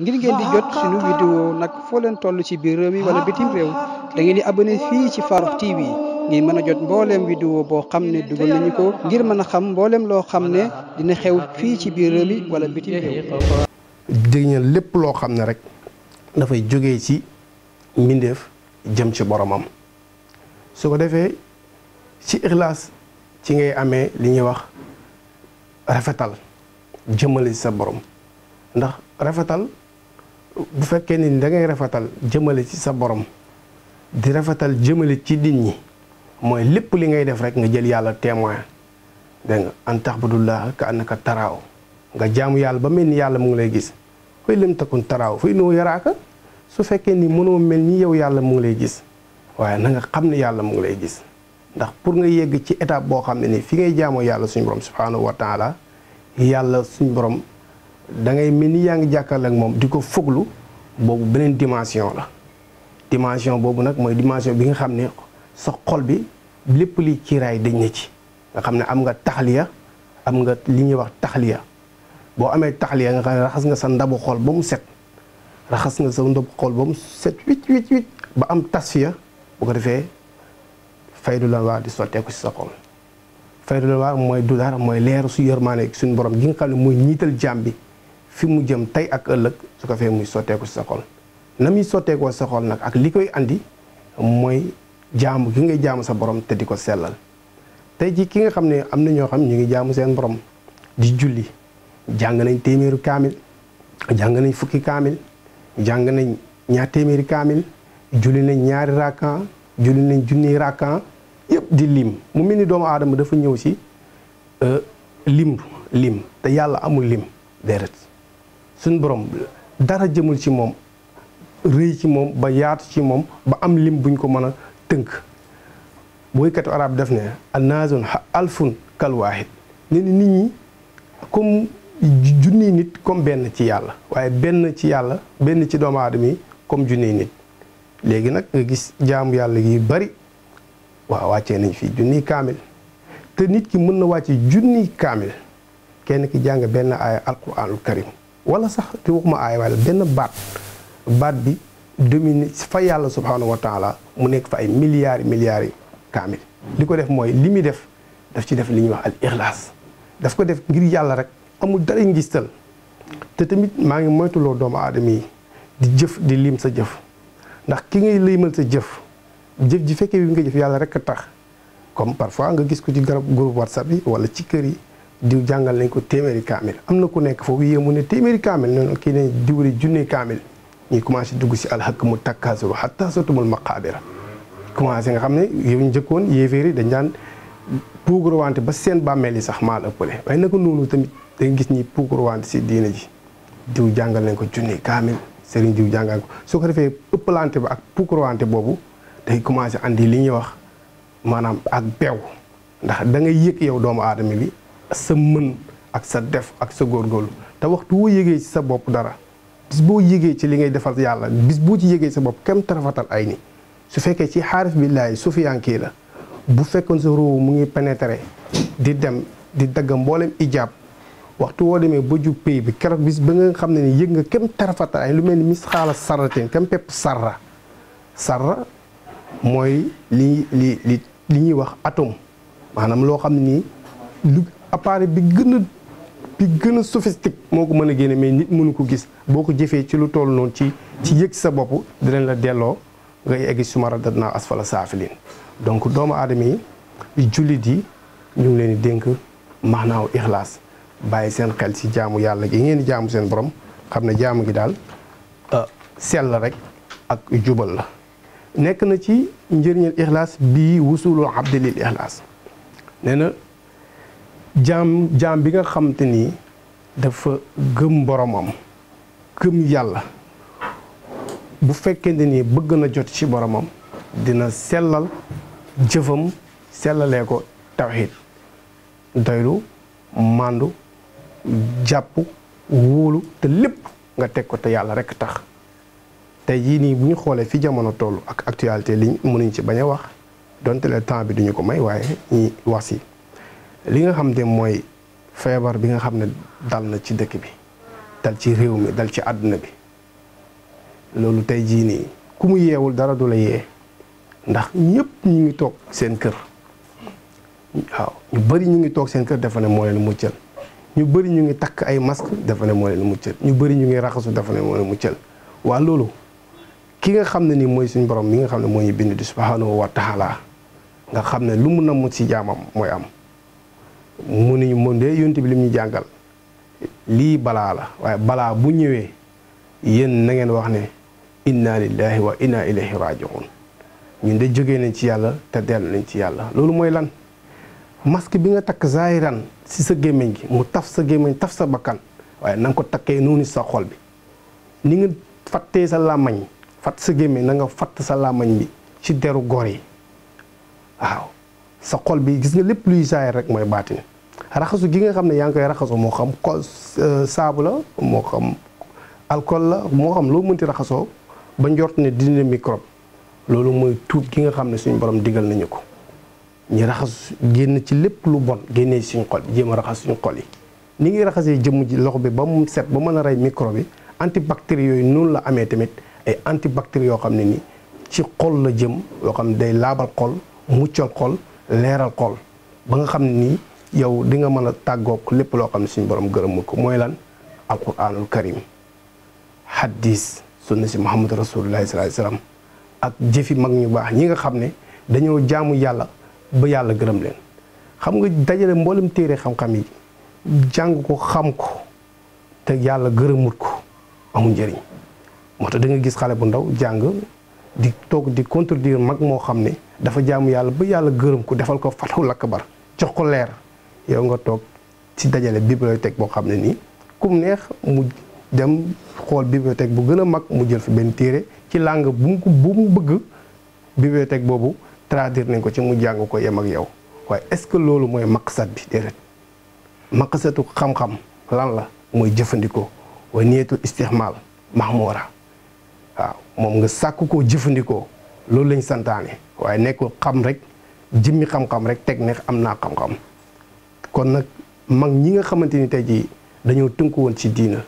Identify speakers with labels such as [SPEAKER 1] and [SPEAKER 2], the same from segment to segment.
[SPEAKER 1] ngir ngeen di jot suñu vidéo nag foo leen toll ci biir réew mi wala bitim réew da ngeen di abonné fii ci Farokh TV ngir mën a jot mbooleem vidéo boo xam ne dugal nañu ko ngir mën a xam mbooleem loo xam ne dina xew fii ci biir réew walla wala bitim réew. dégg lépp loo xam ne rek dafay jóge ci mbindeef jëm ci boromam su ko defee ci ixlaas ci ngay amee li ñuy wax rafetal jëmale ci sa borom ndax rafetal. bu fekkee ni da ngay rafetal jëmale ci sa borom di rafetal jëmale ci nit ñi mooy lépp li ngay def rek nga jël yàlla témoin dégg nga an taxbudullah ka annaka taraaw nga jaamu yàlla ba mel ni yàlla mu ngi lay gis fay lim takun taraaw fay noo su fekkee ni mënoo mel ni yow yàlla mu ngi lay gis waaye na xam ne yàlla mu ngi lay gis ndax pour nga yegg ci étape boo xam ne ni fi ngay jaamoo yàlla suñu borom subhaanahu wa taala yàlla suñu borom da ngay mel ni yaa ngi jàkkaarloo ak moom di ko foglu boobu beneen dimension la dimension boobu nag mooy dimension bi nga xam ne sa xol bi lépp lii kiiraay dañ na ci nga xam ne am nga taxliya am nga li ñuy wax taxliya boo amee taxliya nga xam ne raxas nga sa ndabu xol ba mu set raxas nga sa ndabu xol ba mu set wicc wicc wicc ba am tasfiya bu ko defee faydu la waa di sotteeku si sa xol faydu la waa mooy du dara mooy leer su yërmaane suñu borom gi nga xam ne mooy ñiital jaam bi fi mu jëm tey ak ëllëg su ko fee muy sotteeku sa xol na muy sotteekoo sa xol nag ak li koy andi mooy jaamu gi ngay jaamu sa borom te di ko sellal tey jii ki nga xam ne am na ñoo xam ñu ngi jaamu seen borom di julli jàng nañ téeméeru kaamil jàng nañ fukki kaamil jàng nañ ñaar téeméeri kaamil julli nañ ñaari rakkan julli nañ junniy rakkan yëpp di lim mu mel ni doomu aadama dafa ñëw si euh, lim lim te yàlla amul lim déedéet suñ borom dara jëmul ci moom rëy ci moom ba yaatu ci moom ba am lim buñ ko mën a tënk woykatu arab def ne anazun alfun kalwaahid ne nit ñi comme junni nit comme benn ci yàlla waaye benn ci yàlla benn ci doomu aadama yi comme junniy nit léegi nag nga gis jaamu yàlla yu bari waaw wàccee nañ fi junni kaamil te nit ki mën na wàcce junni kaamil kenn ki jàng benn aaya alquranul karim wala sax di waxuma aay waaye benn baat baat bi domine fa yàlla subhaanahu wa taala mu nekk fa ay milliards milliards yi kaamil li ko def mooy li muy def daf ci def li ñuy wax al ixlaas daf ko def ngir yàlla rek amul dara ngistal te tamit maa ngi moytuloo doomu aadama yi di jëf di lim sa jëf ndax ki ngay limal sa jëf jëf ji fekkee bi nga jëf yàlla rek a tax comme parfois nga gis ko ci garab groupe whatsapp yi wala ci kër yi diw jàngal nañ ko téeméeri kaamil am na ku nekk foofu mun ne téeméeri kaamil noonu kii ne diwri junne kaamil ñuy commencé dugg si alxaq mu takkaasuru xatta sotumul maqaabira commencé nga xam ne yow njëkkoon yéeféer yi dañ daan puukurwante ba seen bàmmeel yi sax maa la ëppale waaye naka noonu tamit da nga gis ñi puukurwante si diina ji diw jàngal nañ ko junne kaamil sëriñ diw jàngal ko su ko defee ëppalante bi ak puukurwante boobu day commencé andi li ñuy wax maanaam ak beew ndax da ngay yëg yow doomu aadama bi sa mën ak sa def ak sa góor góorgóorlu te waxtu woo yëgee ci sa bopp dara bis boo yëgee ci li ngay defal yàlla bis boo ci yëgee sa bopp kem tarafatal ay ni su fekkee ci xaarif billaahi sufiyankii la bu fekkoon sa roowu mu ngi pénétré di dem di dagg mboolem ijaab waxtu woo demee ba jub pay bi keroog bis ba nga xam ne ni yëg nga kem tarafatal ay lu mel ni mis xaala sarrateen kem pepp sarra sarra mooy li li li li ñuy wax atome maanaam loo xam ni appareil bi gën gën a sophistique moo ko mën a génne mais nit mënu ko gis boo ko jëfee ci lu tool noonu ci ci yëg sa bopp dinañ la delloo ngay egg suma radat naa asfala saafilin donc doomu aadama yi jullit yi ñu ngi leen di dénk maanaaw ixlaas bàyyi seen xel ci jaamu yàlla gi ngeen di jaamu seen borom xam ne jaamu gi daal euh, sell rek ak jubal la nekk na ci njëriñal ixlaas bii wusulul abdilil ixlaas jaam jaam bi nga xam te ni dafa gëm boromam gëm yàlla bu fekkente ni bëgg na jot ci boromam dina sellal jëfam sellalee ko tawxiid doylu màndu jàpp wóolu te lépp nga teg ko te yàlla rekk tax tey jii nii bu ñu xoolee fi jamono tollu ak actualité li mënuñ ci bañ a wax donte le temps bi duñu ko may waaye ñi wax si li nga xam ne mooy feebar bi nga xam ne dal na ci dëkk bi dal ci réew mi dal ci àdduna bi loolu tey jii nii ku mu yeewul dara du la yee ndax ñépp ñu ngi toog seen kër waaw ñu bëri ñu ngi toog seen kër dafa ne moo leen muccal ñu bëri ñu ngi takk ay masque dafa ne moo leen ñu bëri ñu ngi raxasu dafa ne moo leen muccal waa loolu ki nga xam ne nii mooy suñu borom mi nga xam ne moo ñu bind di subhanahu wa taala nga xam ne lu mu namm ci jaamam mooy am mu ni moom de yonent bi lim ñu jàngal lii balaa la waaye balaa bu ñëwee yéen na ngeen wax ne inna lillahi wa inna ilayhi rajiun ñun de jógee nañ ci yàlla te dell nañ ci yàlla loolu mooy lan masque bi nga takk zaahiran si sa gémmiñ gi mu taf sa gémmiñ taf sa bakkan waaye nanga ko takkee noonu sa xol bi ni nga fattee sa làmmañ fatt sa gémmiñ na fatt sa làmmañ bi ci deru góor yi waaw sa xol bi gis nga lépp luy zaahir rek mooy baatin raxasu gi nga xam ne yaa ngi koy raxasu moo xam ko euh, saabu la moo xam alcool la moo xam loo mënti raxasoo ba njort ne dina microbe loolu mooy tuub gi nga xam ne suñu borom digal nañu ko ñu raxas génn ci lépp lu bon génnee suñu xol jéem a raxas suñu xol yi ni ngi raxasee jëmm ji loxo bi ba mu set ba mën a rey microbe bi antibactéries yooyu noonu la amee tamit ay antibactéries yoo xam ne nii ci xol la jëm yoo xam ne day laabal xol muccal xol leeral xol ba nga xam ne nii yow di nga mën a tàggoog lépp loo xam suñu borom ko lan alquranul karim hadis sunna si muhammad Rasulullah sallallahu alayhi wasallam ak jëfi mag ñu baax ñi nga xam ne dañoo jaamu yàlla ba yàlla gërëm leen xam nga dajale mboolem téere xam-xam yi jàng ko xam ko te yàlla gërëmut ko da nga gis xale bu ndaw di toog di contredire mag moo xam dafa jaamu yàlla ba yàlla gërëm ko defal ko fathul akbar jox ko leer yow nga toog ci dajale bibliothèque boo xam ne nii kum neex mu dem xool bibliothèque bu gën a mag mu jël fi benn téere ci langue bu mu ko bu mu bëgg bibliothèque boobu traduire nañ ko ci mu jàng ko yem ak yow waaye est-ce que loolu mooy maqsad bi déedéet maqsatu xam-xam lan la mooy jëfandikoo wa niyetul istixmaal wara waaw moom nga sàkk ko jëfandikoo loolu lañ santaane waaye nekkul xam rek jëmmi xam-xam rek teg ne am naa xam-xam kon nag mag ñi nga xamante ni tey jii dañoo tënku woon ci diina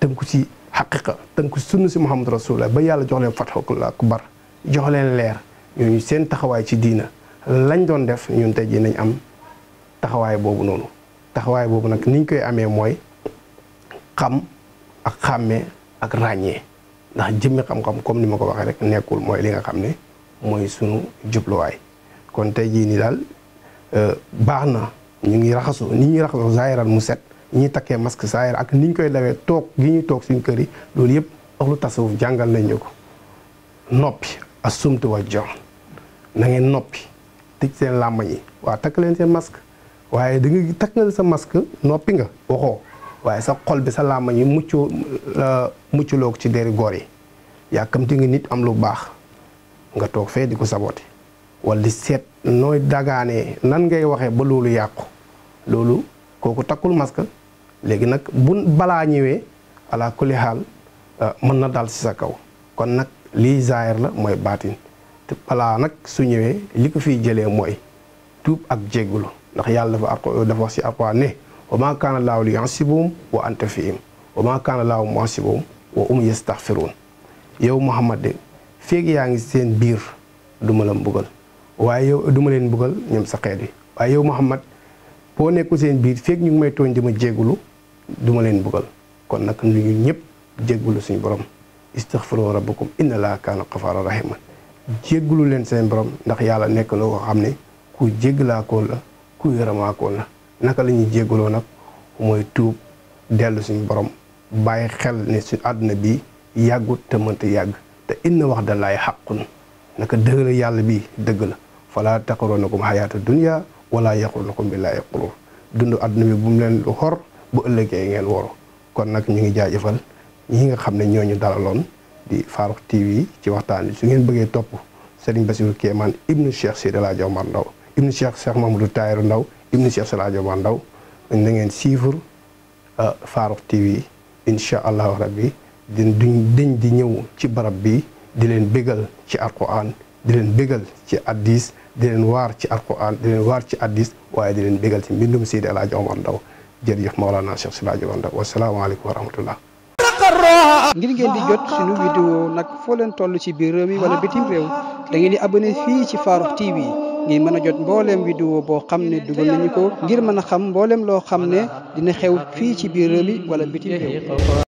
[SPEAKER 1] tënku si xaqiqa tënku ci sunna si Muhammad Rasulullah ba yàlla jox leen fatxul akbar jox leen leer ñooñu seen taxawaay ci diina lañ doon def ñun tey jii nañ am taxawaay boobu noonu taxawaay boobu nag niñ koy amee mooy xam ak xàmmee ak ràññee ndax jëmmi xam-xam comme ni ma ko waxee rek nekkul mooy li nga xam ne mooy sunu jubluwaay kon tey jii nii daal euh, baax na ñu ngi raxasu ni ñuy raxasu zaayiran mu set ñuy takkee masque saayir ak ni ñu koy dawee toog gi ñu toog suñu kër yi loolu yëpp axlu tasawuf jàngal nañ ñu ko noppi ak sumtu wa jox na ngeen noppi tëj seen làmmañ yi waa takk leen seen masque waaye da nga takk nga sa masque noppi nga waxoo waaye sa xol bi sa làmmañ yi mucc mucc ci deri góor yi yàkkamti nga nit am lu baax nga toog fee di ko sabote wala di seet nooy dagaanee nan ngay waxee ba loolu yàqu loolu kooku takkul masque léegi nag bu balaa ñëwee ala kulli xaal euh, mën na daal ci sa kaw kon nag lii zaahir la mooy baatin te balaa nag su ñëwee li ko fiy jëlee mooy tuub ak jéggulu ndax yàlla dafa ar dafa wax ci Alxuraan ne wa maa kaana laahu liyu'azzibahum wa anta fihim wa maa kaana laahu mu'azzibahum wa hum yastaghfiruun yow Muhammad de feeg yaa ngi seen biir du duma la mbugal waaye duma leen buggal ñoom sa xeet waaye yow Muhammad boo nekkul seen biir feeg ñu ngi may tooñ dama jéggulu du ma leen buggal kon nag ñu ñëpp jéggulu suñu borom istaghfiru rabbakum inna laa kaana ghafaara rahima jéggulu leen seen borom ndax yàlla nekk na ko xam ne ku jéggalaakoon la ku yëramaakoon la naka lañuy ñuy nag mooy tuub dellu suñu borom bàyyi xel ne suñu àdduna bi yàggut te mënta yàgg te inna wax dalay laay xàqun naka dëgg yàlla bi dëgg la falaa fala taqaronakum xayaata dunia wala yaqurnakum billaahi qurur dund àdduna bi bu mu leen lu xor bu ëllëgee ngeen woru kon nag ñu ngi jaajëfal ñi nga xam ne ñooñu dalaloon di Farokh TV ci waxtaan bi su ngeen bëggee topp Serigne Bassirou Kéemaan ibnu Cheikh Sidi Laaji Omar Ndaw ibnu Cheikh Cheikh Mamadou Tayiru Ndaw ibnu Cheikh Sidi Laaji Omar Ndaw na ngeen suivre euh, Farokh TV incha allahu rabbi din duñ dañ di ñëw ci barab bi di leen bégal ci alquran di leen béggal ci addis di waar ci alquran di waar ci addis waaye di leen bégal ci mbindum Seydi El Hadji Omar Ndaw jërëjëf Mawlana Cheikh Seydi El Hadji Omar Ndaw wasalaamaaleykum wa ngir ngeen di jot suñu vidéo nag foo leen toll ci biir réew mi wala bitim réew da ngeen di abonné fii ci Farokh TV ngir mën a jot mbooleem vidéo boo xam ne dugal nañu ko ngir mën a xam booleem loo xam ne dina xew fii ci biir réew wala bitim réew